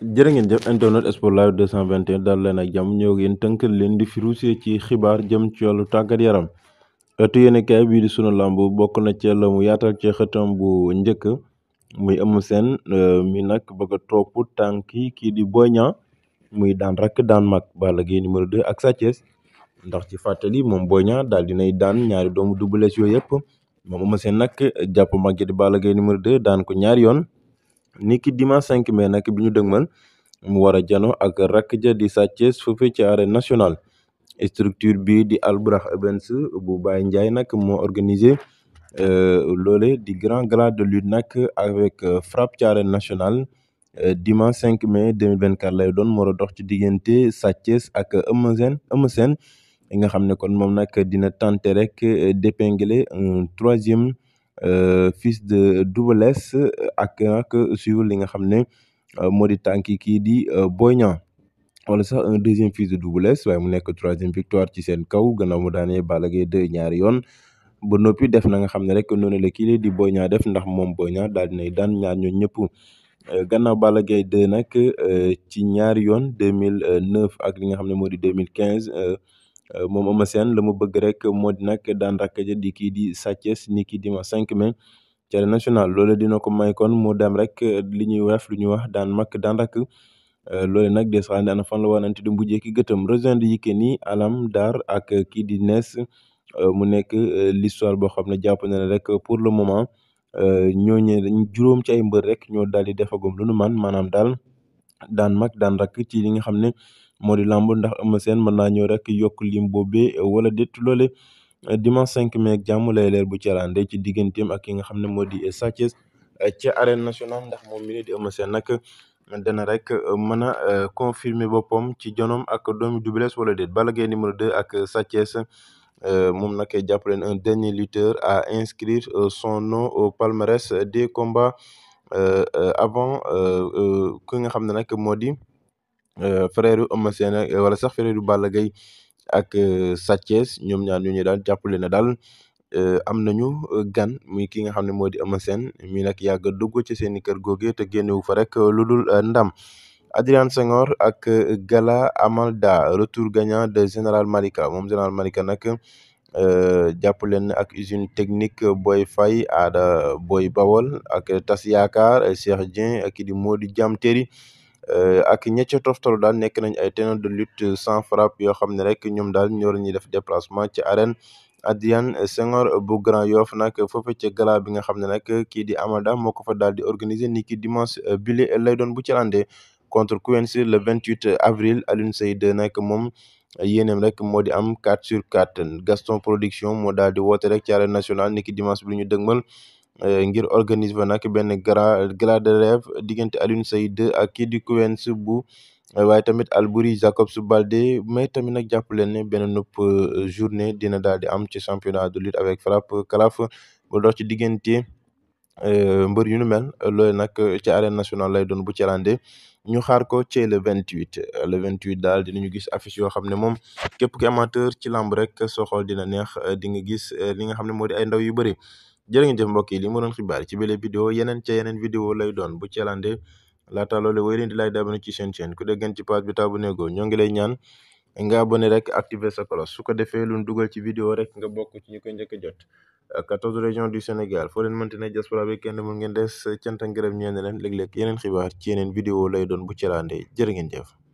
jërë ngeen jëf internet sport live 221 daal leen ak jàmm ñëw ngeen tënkal leen di fi ruusee ci xibaar jëm ci wàllu tàggat yaram ëttu yéenekaay bii di sunu làmb bokk na ci la mu yaatal ci xëtam bu njëkk muy Eumeu Sène euh, mi nag bëgg a topp tànki kii di Boy Niang muy daan rakk daan mag Balla Gaye numéro 2 ak Sa ndax ci fàttali moom Boy Niang daal dinay daan ñaari doomu Double Less yooyu yëpp moom Eumeu Sène nag jàpp mag yi di Balla Gaye numéro 2 daan ko ñaari yoon niki dimanche cinq mai nag bi ñu dëgmal mu war a jano ak rakk ja di Sa Thiès foofee ci arène nationale structure bi di Albourakh Events bu Baye Ndiaye nag moo organisé euh, loole di grand gala de lutte nag avec euh, frappe ci arène euh, cinq dimanche 5 mai 2024 lay doon moo dox ci diggante Sa ak Eumeu Sène Eumeu nga xam ne kon moom nag dina tenté rek d'épingler un troisième Euh, fils de Double Less euh, ak nag euh, suivre li nga xam ne moo di tànki kii di Boy Niang wala sax un deuxième fils de Double Less mu nekk troisième victoire ci seen kaw gannaaw mu daanee Balla Gaye 2 ñaari yoon ba noppi def na nga xam ne rek noonu la kii di Boy Niang def ndax moom Boy Niang daal dinay daan ñaar ñoo ñëpp gannaaw Balla Gaye 2 nag ci ñaari yoon 2009 ak li nga xam ne moo di 2015 Euh, moom Eumeu Sène la mu bëgg rek moo di nag daan rakk ja di kii di Sa Thiès ni kii di mais 5 national ci Arène dina ko may kon mu dem rek li ñuy weef lu ñuy wax daan mak daan rakk euh, loolu nag des xaar ana fan la war nante di mbujjee ki gëtëm rejoindre Yékini alam daar ak kii di Ness euh, mu nekk l'histoire boo xam ne jàpp na ne rek pour le moment ñooñu juróom ci mbër rek ñoo daal di defagum lu nu man maanaam daal daan mag daan rakk ci li nga xam ne moo di làmb ndax Eumeu Sène mën naa ñëw rek yokk lim boobee wala déet loole dimanche 5 mai ak jàmm lay leer bu caraande ci digganteem ak ki nga xam ne moo di Sa Thiès ci arène nationale ndax moom mi di Eumeu Sène nag dana rek mën a euh, confirmer boppam ci jonom ak doomi Double Less wala déet Balla Gaye numéro 2 ak Sa Thiès euh, moom nag jàpp leen un dernier lutteur à inscrire euh, son no au palmarès des combats avant ki nga xam ne nag moo di. Euh, frère Eumeu Sène wala sax frère Balla Gaye ak euh, Sa Thiès ñoom ñaar ñooñu daal jàppale na daal euh, am nañu gan muy ki nga xam ne moo di Eumeu Sène mi nag yàgg dugg ci seen i kër googe te génnewu fa rek lu dul ndam. Adrien Senghor ak Gala Amalda retour gagnant de Général Malika moom Général Malika nag jàpp leen ak usine technique Boy fay aada Boy Bawol ak Tas Yaakaar Cheikh Dieng ak ki di Mody Euh, ak ña ca toftalu daal nekk nañ ay tenants de lutte sans frappe yoo xam ne rek ñoom daal ñoo ñuy def déplacement ci arène Adrien Senghor bu Grand Yoff nag foofu ca gala bi nga xam ne nag kii di Amada moo ko fa daal di organiser ni ki dimanche euh, bile lay doon bu ci lande contre Quincy le 28 avril Alioune Seye 2 nag moom yéeneem rek moo di am 4 sur 4 Gaston Production moo daal di woote rek ci national nationale ni ki dimanche bi ñu Eh, ngir organiser :fra fa nag benn grand gala :fra de :fra rêve :fra diggante Alioune Seye 2 ak kii di Quench bu eh, waaye tamit Albouri Jacobs Baldé mais tamit nag jàpp leen ne beneenub %e eh, journée dina daal di am ci championnat de :fra lutte :fra avec :fra frappe :fra CLAF ci diggante %e mbër yu ni mel loolee nag ca arène lay doon bu ca ñu xaar ko ci le :fra 28 le :fra 28 daal dinañu gis affiche :fra yoo xam ne moom képp kuy amateur ci lamb rek sa xol dina neex di nga gis li xam ne moo di ay ndaw yu bëri jëriñ ngeen jëf mbokk yi li mu doon xibaar ci bile vidéo yeneen ca yeneen vidéo lay doon bu ci alande laata loolu wéy leen di lay dabane ci seen chaîne ku déggan ci page bi tabu négo ñoo ngi lay ñaan nga abonné rek activer sa cloche su ko defee lu dugal ci vidéo rek nga bokk ci ñu koy njëkk a jot quatorze régions du Sénégal foo leen mënti ne diaspora bi kenn mun ngeen des cant ak ngërëm ñeen leen léeg-léeg yeneen xibaar ci yeneen vidéo lay doon bu ci alande jërë ngeen jëf